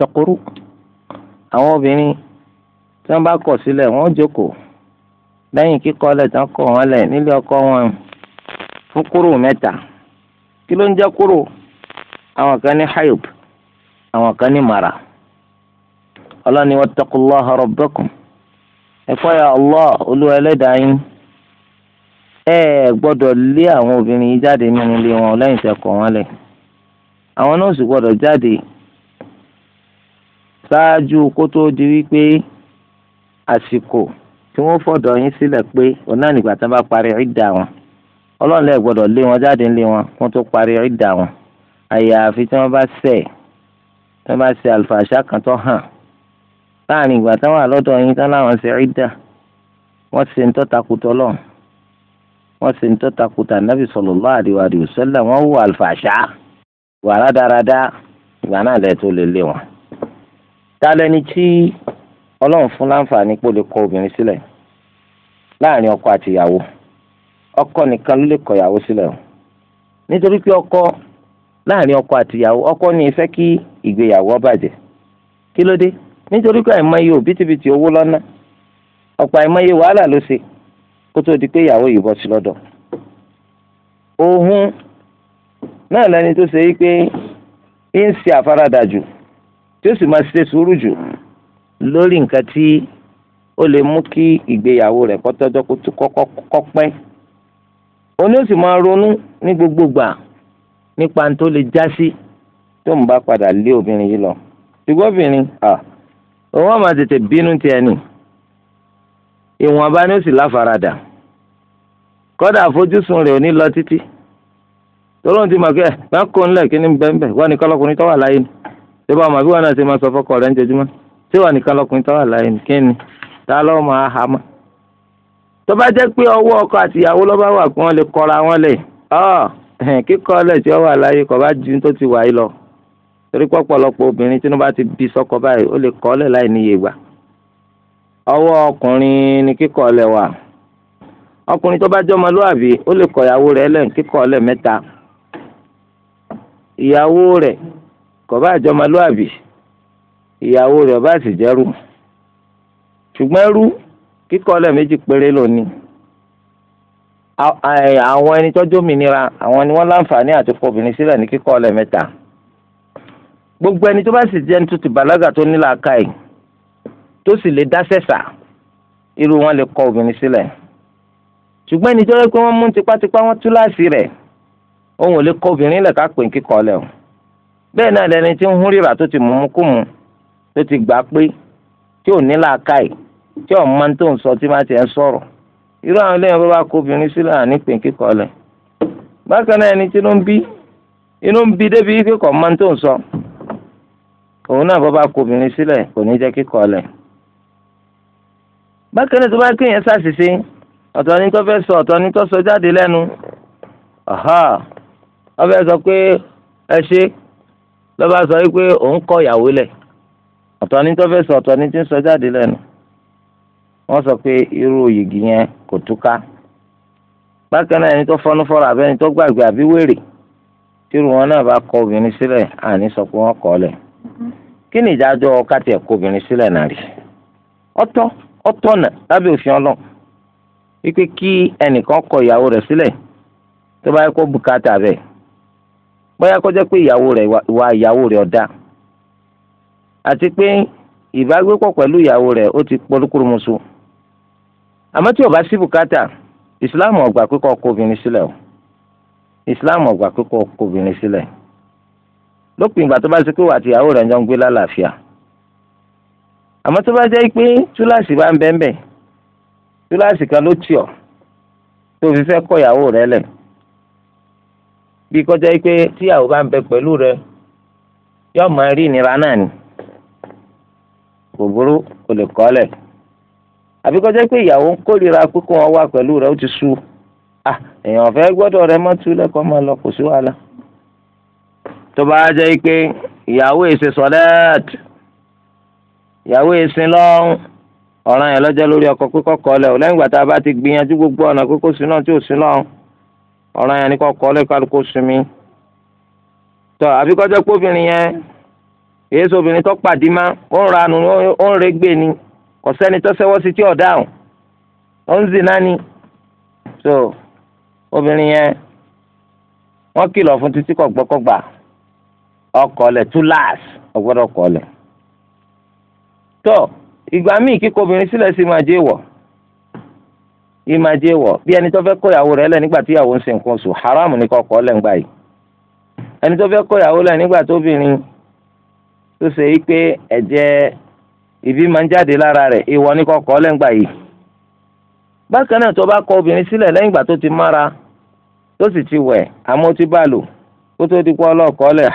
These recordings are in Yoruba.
tọkùrù àwọn obìnrin tí wọ́n bá kọ̀ sílẹ̀ wọn jókòó lẹ́yìn kíkọ lẹ̀ tán kọ̀ wọ́n lẹ̀ nílé ọkọ wọn fún kúrò mẹta kí ló ń jẹ kúrò àwọn kan ní hayub àwọn kan ní mara ọlọ́ni wattaqullaha rabbakum ẹ̀fọ́ ya Allah olú yín ẹ gbọ́dọ̀ lé àwọn obìnrin yìí jáde nínú ilé wọn lẹ́yìn àwọn náà sì gbọ́dọ̀ jáde. ṣáájú kó tóó di wípé àsìkò tí wọ́n fọ̀dọ̀ yín sílẹ̀ pé òun náà nígbà tí wọ́n bá parí ìdá wọn ọlọ́run lẹ́ẹ̀ gbọ́dọ̀ lé wọn jáde ńlé wọn wọ́n tó parí ìdá wọn àyàfi tí wọ́n bá ṣẹ̀ tí wọ́n bá ṣe àlùfàṣà kan tó hàn láàrin ìgbà táwọn àlọ́dọ̀ yín tán láwọn ṣe ìdá wọ́n ṣe ń tọ́ta kutọ́ lọ wọ́n ṣe ń tọ́ta kutà nábì sallallahu alaihi wasallam wọ́n wù àlùfàṣà wà rádaràdá ìgbà náà lẹ́ẹ̀ tó lè lé wọn. ta lẹni tí ọlọ́run fún láǹfààní pé ó lè kọ obìnrin sílẹ̀ láàrin ọkọ àti ìyàwó ọkọ nìkan ló lè kọ ìyàwó sílẹ̀ o nítorí pé ọkọ láàrin ọkọ àti ìyàwó ọkọ ní ìfẹ́ kí ìgbéyàwó bàjẹ́ kí ló dé nítorí pé àìmọye owó lọ́nà ọ̀pọ̀ àìmọye wàhálà ló ṣe kó tó di pé ìyàwó yìí bọ́ sí lọ́dọ̀ òhun náà lẹni tó tí ó sì máa ṣe sùúrù jù lórí nǹkan tí ó lè mú kí ìgbéyàwó rẹ̀ kọ́tọ́jọ́ kó pẹ́ òun ni ó sì máa ronú ní gbogbo gbà nípa n tó lè já sí tó ń bá padà lé obìnrin yìí lọ ṣùgbọ́n obìnrin òun á máa tètè bínú tiẹ̀ nì ìwọ̀nba ni ó sì láfaradà kọ́dà àfojúsùn rẹ̀ ò ní lọ títí tọ́lọ́run ti mọ̀ kẹ́ ẹ̀ bá kó ńlẹ̀ kí ni bẹ́ẹ̀ bẹ́ẹ̀ wọ́n ní kọ́lọ́kùnrin tó wà láyé ni ṣé bá ọmọ àbíwọ̀n náà ṣe máa sọ fọ́kọ rẹ̀ ń jẹjúmọ́ ṣé wà nìkan lọkùnrin táwà ni ta ló máa hà mọ́. tó bá jẹ́ pé ọwọ́ ọkọ àtìyàwó ló bá wà le, wọ́n lè kọra wọn lẹ̀ kíkọ́ lẹ̀ tí ó wà láyé kò bá ju tó ti wà yìí lọ torí pọ̀pọ̀lọpọ̀ obìnrin tí wọ́n bá ti bí sọ́kọ báyìí ó lè kọ́ lẹ̀ láì níye gbà ọwọ́ ọkùnrin ni kíkọ́ lẹ̀ wà ọkùnrin tó bá jẹ́ ọmọlúwàbí ó lè kọ ìyàwó rẹ̀ lẹ̀ kíkọ́ lẹ̀ mẹ́ta ìyàwó rẹ̀ kọba àjọmọlúàbí ìyàwó rẹ̀ ọba sì jẹ́rú ṣùgbọ́n ẹrú kíkọ́lẹ̀ méjì péré lónìí àwọn ẹni tọ́jú òmìnira àwọn ni wọ́n láǹfààní àti fọbìnrin sílẹ̀ ní kíkọ́lẹ̀ mẹ́ta gbogbo ẹni tó bá sì jẹ́ ní tó ti bàlágà tó ní làákàyè tó sì lè dá sẹ̀sà irú wọn lè kọ obìnrin sílẹ̀ ṣùgbọ́n ẹni tó yẹ pé wọ́n mú tipátipá wọn tú láàsì rẹ̀ òun ò lè kọ obìnrin lẹ̀ ká pè ń o bẹ́ẹ̀ náà lẹni tí ń hún rírà tó ti mumu kú mu tó ti gbà pé tí ò ní làákàyè tí ò máa tó ń sọ tí má tiẹ̀ ń sọ̀rọ̀ irú àwọn eléyàn bá bá kó obìnrin sílẹ̀ àní pè kíkọ́ lẹ̀ bákan náà ẹni tí ló ń bí inú ń bí débi kíkọ́ máa tó ń sọ òun náà bá bá kó obìnrin sílẹ̀ kò sọ ọ̀tọ̀ ni jáde lẹ́nu ọ̀hà ọ lọ́ba sọ wípé òun kọ ìyàwó lẹ̀ ọ̀tọ̀ ní tó fẹ́ sọ ọ̀tọ̀ ní tí ń sọ jáde lẹ́nu wọ́n sọ pé irú yìgì yẹn kò túká bákan náà ẹni tó fọnú fọra àbẹ́ni tó gbàgbé àbí wèrè tírú wọn náà bá kọ obìnrin sílẹ̀ àní sọ pé wọ́n kọ̀ ọ́ lẹ̀ kí ni ìdájọ́ ọ̀ká tiẹ̀ kọ obìnrin sílẹ̀ náà rí ọ̀tọ̀ ọ̀tọ̀ náà lábẹ́ òfin ọlọ́run wípé kí ẹnìkan kọ ìyàwó rẹ̀ sílẹ̀ tó bá yẹ kó bùkátà bẹ́ẹ̀ bóyá kọjá pé ìyàwó rẹ̀ ìwà ìyàwó rẹ̀ ọ̀dà àti pé ìbágbépọ̀ pẹ̀lú ìyàwó rẹ̀ ó ti polúkúrúmuṣu àmọ́ tí ó bá sí bùkátà ìsìláàmù ò gbà pé kó kọ obìnrin sílẹ̀ o ìsìláàmù ò gbà pé kó kọ obìnrin sílẹ̀ lópin ìgbà tó bá ti pé wà àti ìyàwó rẹ̀ ń jọ ń gbé lálàáfíà àmọ́ tó bá jẹ́ pé túláàsì bá ń bẹ́ẹ̀ túláàsì kan ló tì ọ́ tó fi fẹ́ kọ ìyàwó rẹ̀ lẹ̀ bí kọjá yìí pé tíyàwó bá ń bẹ pẹ̀lú rẹ yóò máa rí ìnira náà ni kò burú o lè kọ́lẹ̀ àbí kọjá pé ìyàwó ń kórìíra pé kó wọn pẹ̀lú rẹ ó ti sú ah èèyàn fẹ́ gbọ́dọ̀ rẹ mọ́tú lẹ́kọ̀ọ́ máa lọ kò sí wàhálà tó bá jẹ́ pé ìyàwó èsè sọ́lẹ́ẹ̀t ìyàwó èsè lọ́hùn ọ̀ràn yẹn lọ́jọ́ lórí ọkọ pé kọ́kọ́ lẹ̀ ò lẹ́yìn ìgbà tá a bá ọ̀ràn yẹn ni kò kọ́ lẹ́kọ̀ọ́ kó sinmi. tọ́ àbí kọjá póbìnrin yẹn èyí sóbìnrin tó pàdé má ó ń ranù ó ń regbè ni kò sẹ́ni tó sẹ́wọ́ sí tí ò dáhùn ó ń zì náà ni. so obìnrin yẹn wọ́n kìlọ̀ fún títí kọ̀ gbọ́kọ̀gbà ọkọ̀ọ̀lẹ̀ túláàs ọgbọ́dọ̀ kọ̀ọ̀lẹ̀. tọ́ ìgbà míì kíkọ obìnrin sílẹ̀ sí máa jẹ́ wọ̀. yìí máa jẹ́ bí ẹni tó fẹ́ kó ìyàwó rẹ̀ lẹ̀ nígbà tí ìyàwó ń se nǹkan oṣù haram yìí ẹni tó fẹ́ kó ìyàwó lẹ̀ nígbà tó ṣe yí pé ẹ̀jẹ̀ ìbí máa ń jáde lára rẹ̀ ìwọ kọ obìnrin sílẹ̀ lẹ́yìn ìgbà tó ti mára tó sì ti wẹ̀ àmọ́ ti bá lò kó tó di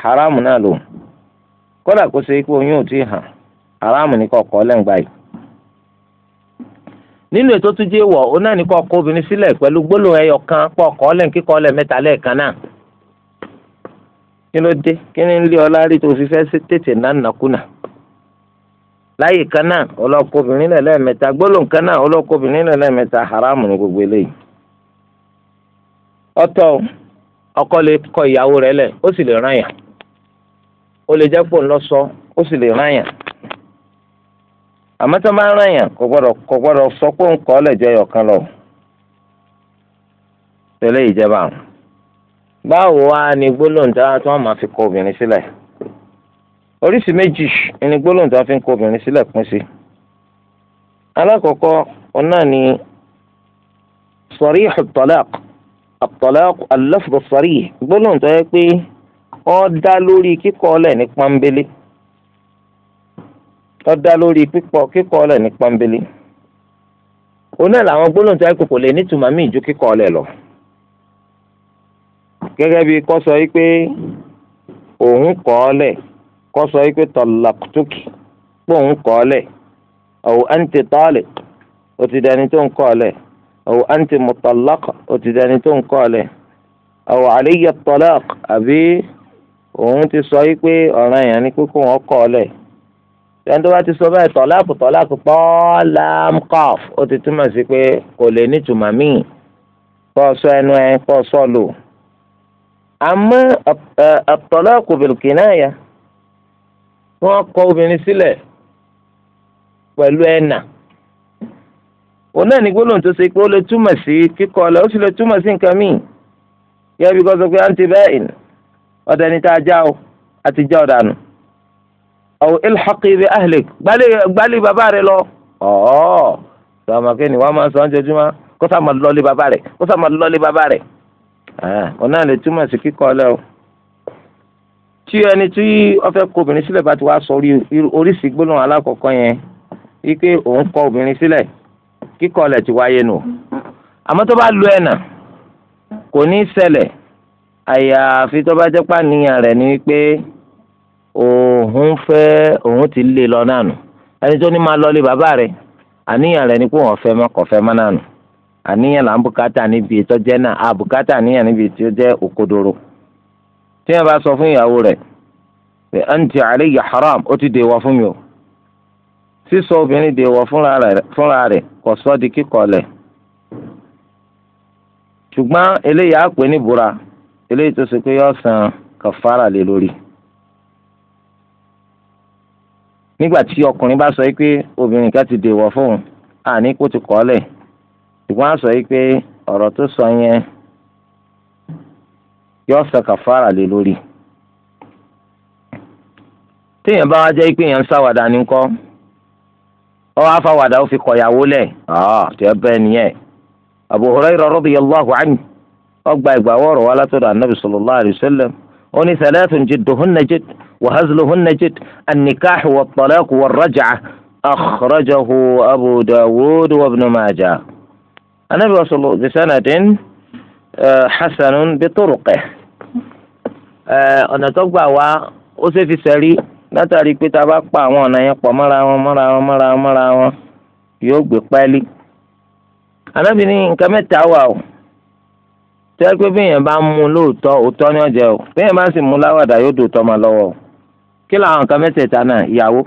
haram náà lò kódà kó ṣe yí pé haram nínú ètò tó jẹ́ wọ̀ ọ náà ní ọkọ obìnrin sílẹ̀ pẹ̀lú gbólóhùn ẹyọ kan pọ̀ kọ́ lẹ̀ kíkọ́ lẹ̀ mẹ́ta lẹ́ẹ̀kan náà kí ló dé kí ni lé ọlá rí tó fi fẹ́ tètè nánàkúnà láyè kan náà ọlọ́kọ obìnrin náà lẹ́ẹ̀mẹ́ta gbólóhùn kan náà ọlọ́kọ obìnrin náà lẹ́ẹ̀mẹ́ta haramu kọ ìyàwó ó sì lè ó lè àmọ́ tó máa rán yàn kò gbọ́dọ̀ sọ pé òun kọ́ lẹ́jọ́ báwo wá ni gbólóhùn tí wọ́n máa fi kọ obìnrin sílẹ̀ oríṣìí méjì ni gbólóhùn fi ń kọ obìnrin sílẹ̀ pín sí. alákọ̀ọ́kọ́ òun náà ni sarih at-talaq at-talaq al yẹ pé tó dá lórí pípọ̀ kíkọ ọlẹ̀ ní pọ́nbélé òun náà làwọn gbólóhùn tó ẹkùn kò lè nítumọ̀ mí ju kíkọ ọlẹ̀ lọ gẹ́gẹ́ bí kó sọ yìí pé òun kọ ọlẹ̀ kó sọ yìí pé tọ̀làkùtùkì pé òun kọ ọlẹ̀ ọ̀hún àǹtí tọ́ọ̀lẹ̀ ó ti dẹni tó ń kọ ọlẹ̀ ọ̀hún àǹtí mùtọ̀lọ́kọ̀ ó ti dẹni tó ń kọ ọlẹ̀ ọ̀hún àlẹ́yẹ tọ́lọ́k àbí òun ti sọ yìí ọ̀ràn yẹn ni pé kó wọn kọ ọlẹ̀ ẹni tó bá ti sọ bẹ́ẹ̀ tọ́láàpù tọ́láàpù pọ́ọ́lámkọ́f ó ti túmọ̀ sí pé kò lè nítumọ̀ míì kọ́ sọ ẹnu ẹ kọ́ sọ lò. àmọ́ àtọ́láàpù bìlkìnáyà wọ́n kọ obìnrin sílẹ̀ pẹ̀lú ẹ̀nà. òun náà ní gbólóhùn tó ṣe pé ó lè túmọ̀ sí kíkọ́ ọ̀lẹ́ ó sì lè túmọ̀ sí nǹkan míì. yẹ́n bí kọ́ sọ pé àǹtí bẹ́ẹ̀ ọ̀dẹ̀ni tá a já o àti já ọ̀dànù àwọn ilhaqi bi ahlik gbálẹ̀ bàbá rẹ lọ. ọ̀ọ́ sọ̀mọ́kẹ́ ni wọ́n máa sọ ojoojúmọ́ kó sá máa lọ́lé bàbá rẹ̀ kó sá máa lọ́lé bàbá rẹ̀. ọ̀ ah, náà lè túmọ̀ sí kíkọ́ ọ lẹ́wọ̀. tí ẹni tí ọfẹ́ kọ obìnrin sílẹ̀ bá ti wá sọ oríṣi gbólóhùn alákọ̀ọ́kọ́ yẹn wípé òun kọ obìnrin sílẹ̀ kíkọ́ ọlẹ̀ ti wáyé nù. àmọ́ tó bá lu ẹ̀nà kò ní í àyàfi tó bá jẹ́ pàníyàn rẹ̀ ni wípé òun fẹ òun ti lé lọ naanụ ẹni tó ní máa lọ lé bàbá rẹ àníyàn rẹ̀ ni pé òun kò fẹ́ mọ́ náà àníyàn là ń bùkátà níbi ètò jẹ́ náà a bùkátà àníyàn tí ó jẹ́ òkodoro tí wọ́n bá sọ fún ìyàwó rẹ̀ pé haram ó mi o sísọ obìnrin fúnra kò di eléyàá pè ní eléyìí tó ṣe pé yọ san kàfàrà nígbà tí ọkùnrin bá sọ pé obìnrin kan ti dèwọ̀ fóun àní kó ti kọ́lẹ̀ ṣùgbọ́n a sọ pé ọ̀rọ̀ tó sọ yẹn yóò sọ kàfàrà lé lórí. téèyàn bá wá jẹ́ pé èèyàn ń ṣàwàdà ní kọ́ ọ wá fàwàdà ó fi kọ̀yàwó lẹ̀ ah, tí ẹ bẹ́ẹ̀ nìyẹn. Abu Hurairah radiyallahu anhu ọgbà ìgbà wọ̀rọ̀ wa látọ̀dọ̀ Annabi sallallahu alayhi وهزلهن جد النكاح والطلاق والرجعة أخرجه أبو داود وابن ماجه النبي صلى الله عليه وسلم بسند حسن بطرقه ọ̀nà tó gbà wá ó ṣe fi sẹ́rí látàrí pé tá a bá pa àwọn ọ̀nà yẹn pọ̀ mọ́ra wọn mọ́ra wọn mọ́ra wọn mọ́ra wọn yóò gbé pẹ́ẹ́lí. Ànábì ní nǹkan mẹ́ta wà o tẹ́ pé bí èèyàn bá mú lóòótọ́ òótọ́ ní ọ̀jẹ̀ o bí èèyàn bá sì mú láwàdà yóò dòótọ́ máa lọ́wọ́ o kí làwọn kan mẹ́tẹ̀ẹ̀ta náà ìyàwó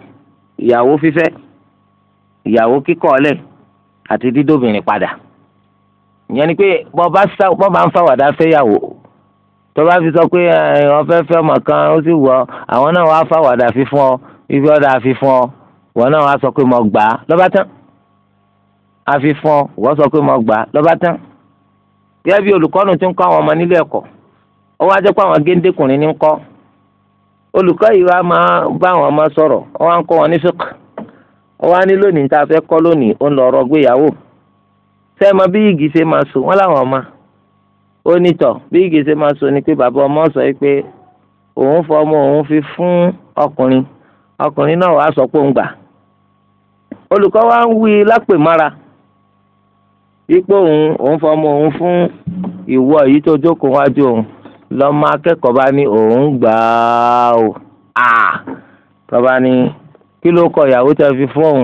ìyàwó fífẹ́ ìyàwó kíkọ̀ọ́lẹ̀ àti dídóbìnrin padà ìyẹn ni pé bọ́ bá ń fàwàdà fẹ́yàwó tó bá fi sọ pé wọ́n fẹ́ fẹ́ ọmọ kan ó sì wọ àwọn náà wàá fàwàdà fífún ọ ibi ọ̀dà àfihàn ọ wọ́n náà wàá sọ pé mo gbà á lọ́ba tán àfihàn wọ́n sọ pé mo gbà á lọ́ba tán gẹ́gẹ́ bí olùkọ́ni ti ń kọ́ àwọn ọmọ nílé ẹ̀kọ́ ó wá jẹ́ pé àwọn géńdékùnrin ní ń kọ́ olùkọ́ yìí wá máa bá àwọn ọmọ sọ̀rọ̀ wọ́n wá ń kọ́ wọn ní fíkà wọ́n wá ní lónìí tá a bí igi ṣe máa so wọ́n láwọn ọmọ ó ní tọ̀ bí igi ṣe máa so ni pé bàbá ọmọ sọ pé òun fọ ọmọ òun fi fún ọkùnrin ọkùnrin náà wàá sọ pé òun wa ń wí wípé òun òun fọ ọmọ òun fún ìwọ tó jókòó lọ́mọ akẹ́kọ̀ọ́ bá ní òun gbà á o tọ́ba ní kí ló kọ ìyàwó tẹ́ fi fún òun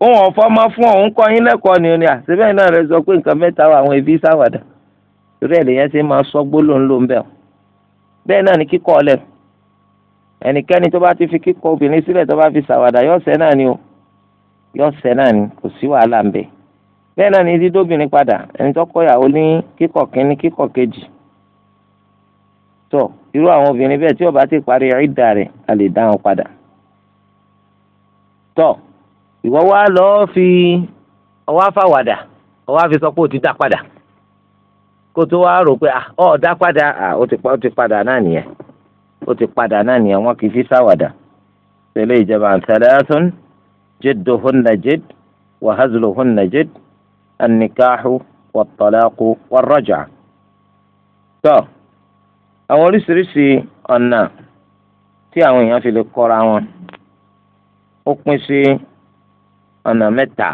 òun ọ̀fọ́ máa fún òun kọ́ yín lẹ́kọ̀ọ́ ni ni àṣebẹ́ náà rẹ sọ pé nǹkan mẹ́ta wà àwọn ẹbí sáwàdà torí ẹ̀ lèyẹn ṣe máa sọ gbólóhùn ló ń bẹ̀ bẹ́ẹ̀ náà ni kíkọ́ ọ̀lẹ̀ ẹnikẹ́ni tó bá ti fi kíkọ́ obìnrin sílẹ̀ tó bá fi sàwàdà yọ̀ọ̀sẹ̀ náà ni o yọ̀ọ̀sẹ̀ náà ni kò sí wàhálà ń bẹ̀ bẹ́ẹ̀ náà ni dídóbìnrin padà ẹni tó kọ́ ìyàwó ní kíkọ̀ kínní kíkọ̀ kejì tọ irú àwọn obìnrin bẹ́ẹ̀ tí ó bá ti parí ìdá rẹ̀ a lè dá wọn padà tọ ìwọ wá lọ fi ọwọ afáwàdà ọwọ àfi sọ pé ó ti dá padà kó tó wá rò pé ọ dá padà ó ti padà náà nìyẹn ó ti padà náà nìyẹn wọn kì í fi sáwàdà tẹlẹ ìjọba àtàlẹ́sọ̀n jidduhunna jidd wa hazluhunna jidd an-nikahu wat-talaqu So, àwọn oríṣiríṣi ọ̀nà tí àwọn èèyàn fi lè kọ́ra wọn ó pín sí ọ̀nà mẹ́ta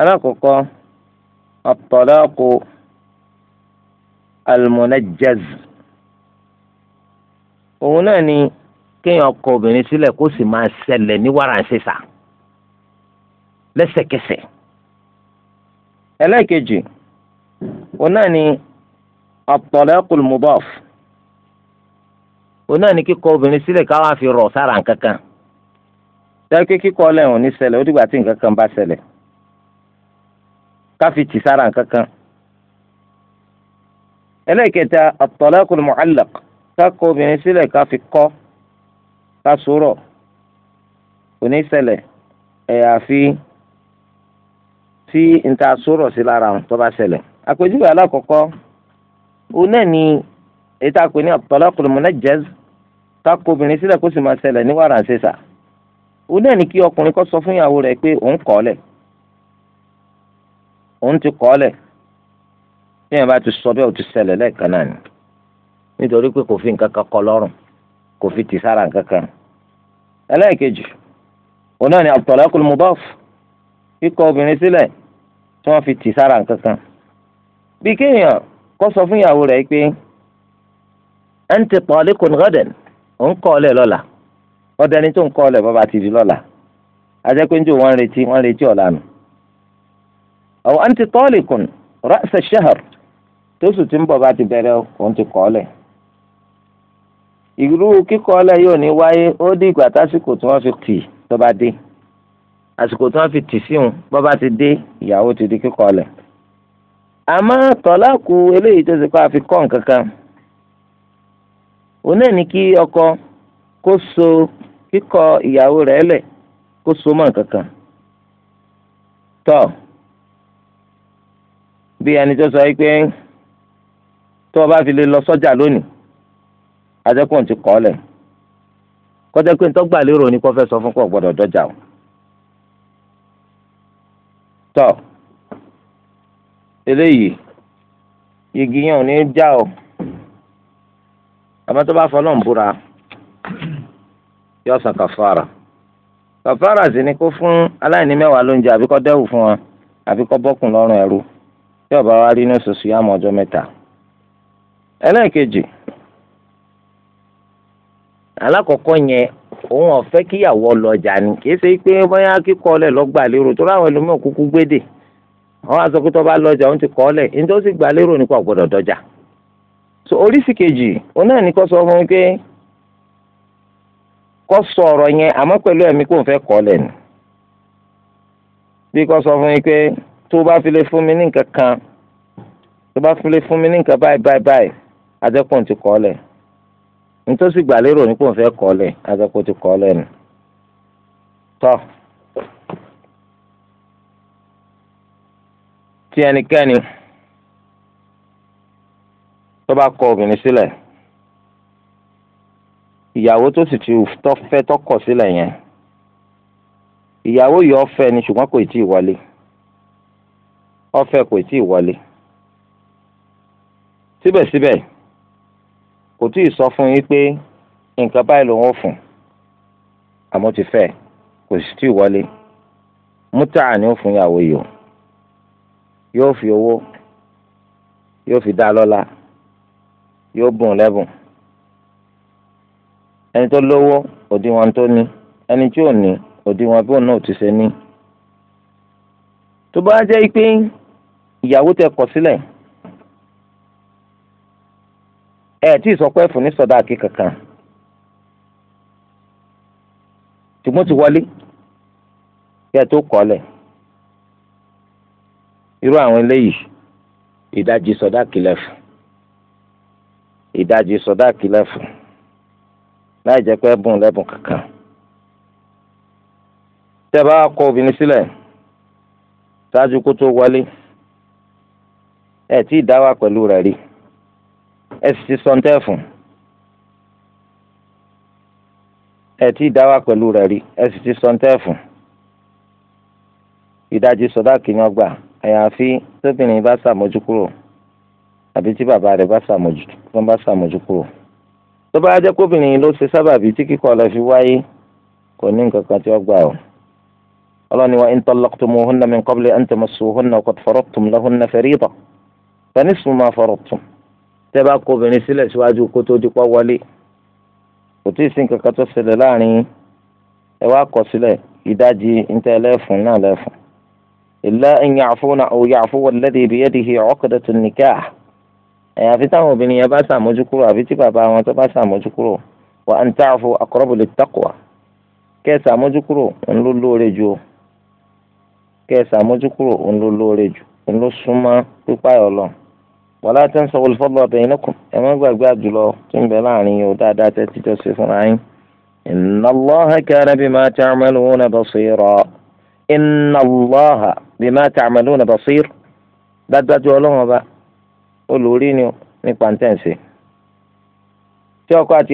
alákọ̀ọ́kọ́ at-talaqu al-munajjaz òun náà ni kéèyàn kọ obìnrin sílẹ̀ kó sì máa ṣẹlẹ̀ ní wàràǹṣeṣà lẹ́sẹ̀kẹsẹ̀ ẹlẹ́ẹ̀kejì òun náà ni at-talaqul mudaf òun náà ní kíkọ obìnrin sílẹ̀ káwá fi rọ̀ sára nǹkan kan dáké kíkọ lẹ́hìn ní ṣẹlẹ̀ ó dìgbà tí nǹkan kan bá ṣẹlẹ̀ ká fi tì sára nǹkan kan ẹlẹ́kẹta at-talaqul mu'allaq ká kọ obìnrin sílẹ̀ ká kọ́ ká sọ̀rọ̀ òní ṣẹlẹ̀ ẹ̀yàfi tí n ta sọ̀rọ̀ sí lára tó bá ṣẹlẹ̀ àpèjúwe alákọ̀ọ́kọ́ òun náà ni ètò àpè ní at-talaqul munajjaz kákó obìnrin sílẹ̀ kó sì máa ṣẹlẹ̀ ní wàràǹṣeṣà òun náà ni kí ọkùnrin kọ́ sọ fún ìyàwó rẹ̀ pé òun kọ̀ ọ́ lẹ̀ òun ti kọ̀ ọ́ lẹ̀ tí yẹn bá ti sọ bẹ́ẹ̀ ó ti ṣẹlẹ̀ lẹ́ẹ̀kan náà ni nítorí pé kò fi nǹkan kan kọ lọ́rùn kò fi tì sára nǹkan kan ẹlẹ́ẹ̀kejì òun náà ni at-talaqul mudaf kíkọ kó sọ fún ìyàwó rẹ̀ pé anti talikun gadan ò ń kọ́ ọ lẹ̀ lọ́la ọ̀dọ̀ ẹni tó ń kọ́ ọ lẹ̀ bàbá ti di lọ́la ajẹ́pẹ́njọ wọn retí wọn retí ọ̀la nù. aw anti talikun ra'sa shahr tó sì ti ń bọ̀ bá ti bẹ̀rẹ̀ òun ti kọ́ ọ lẹ̀ ìrú kíkọ́ ọlẹ́ yóò ní wáyé ó di ìgbà tásìkò tí wọ́n fi tì tó bá dé àsìkò tí wọ́n fi tì sí òun bá ti dé ìyàwó ti di kíkọ́ ọlẹ̀ àmọ́ tọ́láàkù eléyìí tó ṣe kọ́ àfi kọ́ nǹkan kan òun náà ní kí ọkọ kó so kíkọ ìyàwó rẹ̀ lẹ̀ kó so mọ́ nǹkan kan tọ́ bí ẹni tó sọ pé tó o bá fi lè lọ sọ́jà lónìí adẹ́kùn ti kọ́ lẹ̀ kọjá pé nítorí gbà ni kò fẹ́ sọ fún kò gbọ́dọ̀ dọ́jà o tọ́. So, eléyìí igi yẹn ò ní já o àmọ́ tó bá fọlọ́ ń búra yóò san kàfàrà kàfàrà sì ni kó fún aláìní mẹ́wàá lóúnjẹ àbí kó dẹ́wù fún wọn àbí kó bọ́kùn lọ́rùn ẹrú tí ọba wa rí ní oṣooṣù yá mọ́ ọjọ́ mẹ́ta ẹlẹ́ẹ̀kejì alákọ̀ọ́kọ́ yẹn òun ọ̀fẹ́ kíyàwó ọlọ́jà ni kì í ṣe pé bóyá kíkọ́ ọlẹ́ lọ́gbà lérò tó ráwọn ẹlòmíràn kúkú gbédè wọ́n á sọ pé tó bá lọ́jà òun ti kọ́ ọ́lẹ̀ ní tó sì gbà lérò nípa ọ̀gbọ́dọ̀ dọ́jà. so oríṣi kejì òun náà ní kó sọ fún mi pé kó sọ ọ̀rọ̀ yẹn àmọ́ pẹ̀lú ẹ̀mí kò ń fẹ́ kọ́ ọ́lẹ̀ ni bí kó sọ fún mi pé tó bá fi lè fún mi ní nǹkan kan tó bá fi lè fún mi ní nǹkan báyìí báyìí báyìí adẹ́kùn ti kọ́ ọ́lẹ̀ ní tó sì gbà lérò nípa òun fẹ́ kọ́ ọ́lẹ̀ adẹ́kùn ti kọ́ ọ́lẹ̀ ni tọ́. tí ẹnikẹ́ni tó bá kọ obìnrin sílẹ̀ ìyàwó tó sì ti tọ́fẹ́ tọkọ sílẹ̀ yẹn ìyàwó yìí ọ̀fẹ́ ni ṣùgbọ́n kò tí ì wọlé ọ̀fẹ́ kò tí ì wọlé síbẹ̀síbẹ̀ kò tí ì sọ fún yín pé nǹkan báyìí lòun ò fún àmọ́ ti fẹ́ kò sì tí ì wọlé mútà ni ó fún ìyàwó yìí o yóò fi owó yóò fi dá lọ́lá yóò bùn lẹ́bùn ẹni tó lówó òdiwọ̀n tó ní ẹni tí ò ní òdiwọ̀n bí òun náà ti ṣe ní. tó bá jẹ́ pé ìyàwó tẹ kọ̀ sílẹ̀ ẹ tí ì sọ fún ní sọdá kankan ṣùgbọ́n wọlé kí ẹ tó kọ̀ lẹ̀. irú àwọn eléyìí ìdajì sọdáàkì lẹfù ìdajì sọdáàkì lẹfù láì jẹ́ pé bùn lẹ́bùn kankan tẹ́ bá kọ obìnrin sílẹ̀ ṣáájú kó tó wọlé ẹ tí ì dá wà rí ẹ sì ti sọńtẹ́ fún ẹ tí ì dá wà rí ẹ sì ti fún ìdajì ni àyàfi tóbìnrin bá ṣàmójúkúrò àbí tí bàbá rẹ̀ bá ṣàmójúkúrò tó bá jẹ́ kóbìnrin ló ṣe sábàbí tí kíkọ̀ lọ fi wáyé kò ní nǹkan kan tí ó gbà o ọlọ́ni wa in tallaqtumuhunna min qabli an tamassuhunna qad faradtum lahunna fariida fa nisfu ma faradtum tẹ́ bá kó sílẹ̀ síwájú kó tó di pọ́ wọlé kò tí ì sí nǹkan kan tó ṣẹlẹ̀ láàrin ẹ wá kọ̀ sílẹ̀ ìdajì ń tẹ́ lẹ́fun náà lẹ́fun إلا أن يعفون أو يعفو الذي بيده عقدة النكاح àyàfi táwọn obìnrin yẹn bá ṣàmójú kúrò àfi tí bàbá wọn wa an ta'fu taqwa kẹ́ ẹ ṣàmójú kúrò ń ló lóore jù o kẹ́ ẹ ṣàmójú kúrò ń ló lóore jù ń ló súnmọ́ pípa ẹ̀ ọlọ́ wa la tansawu bima ta'maluna basir dájúdájú ọlọ́run ọba olórí ni nípa ń tí ọkọ àti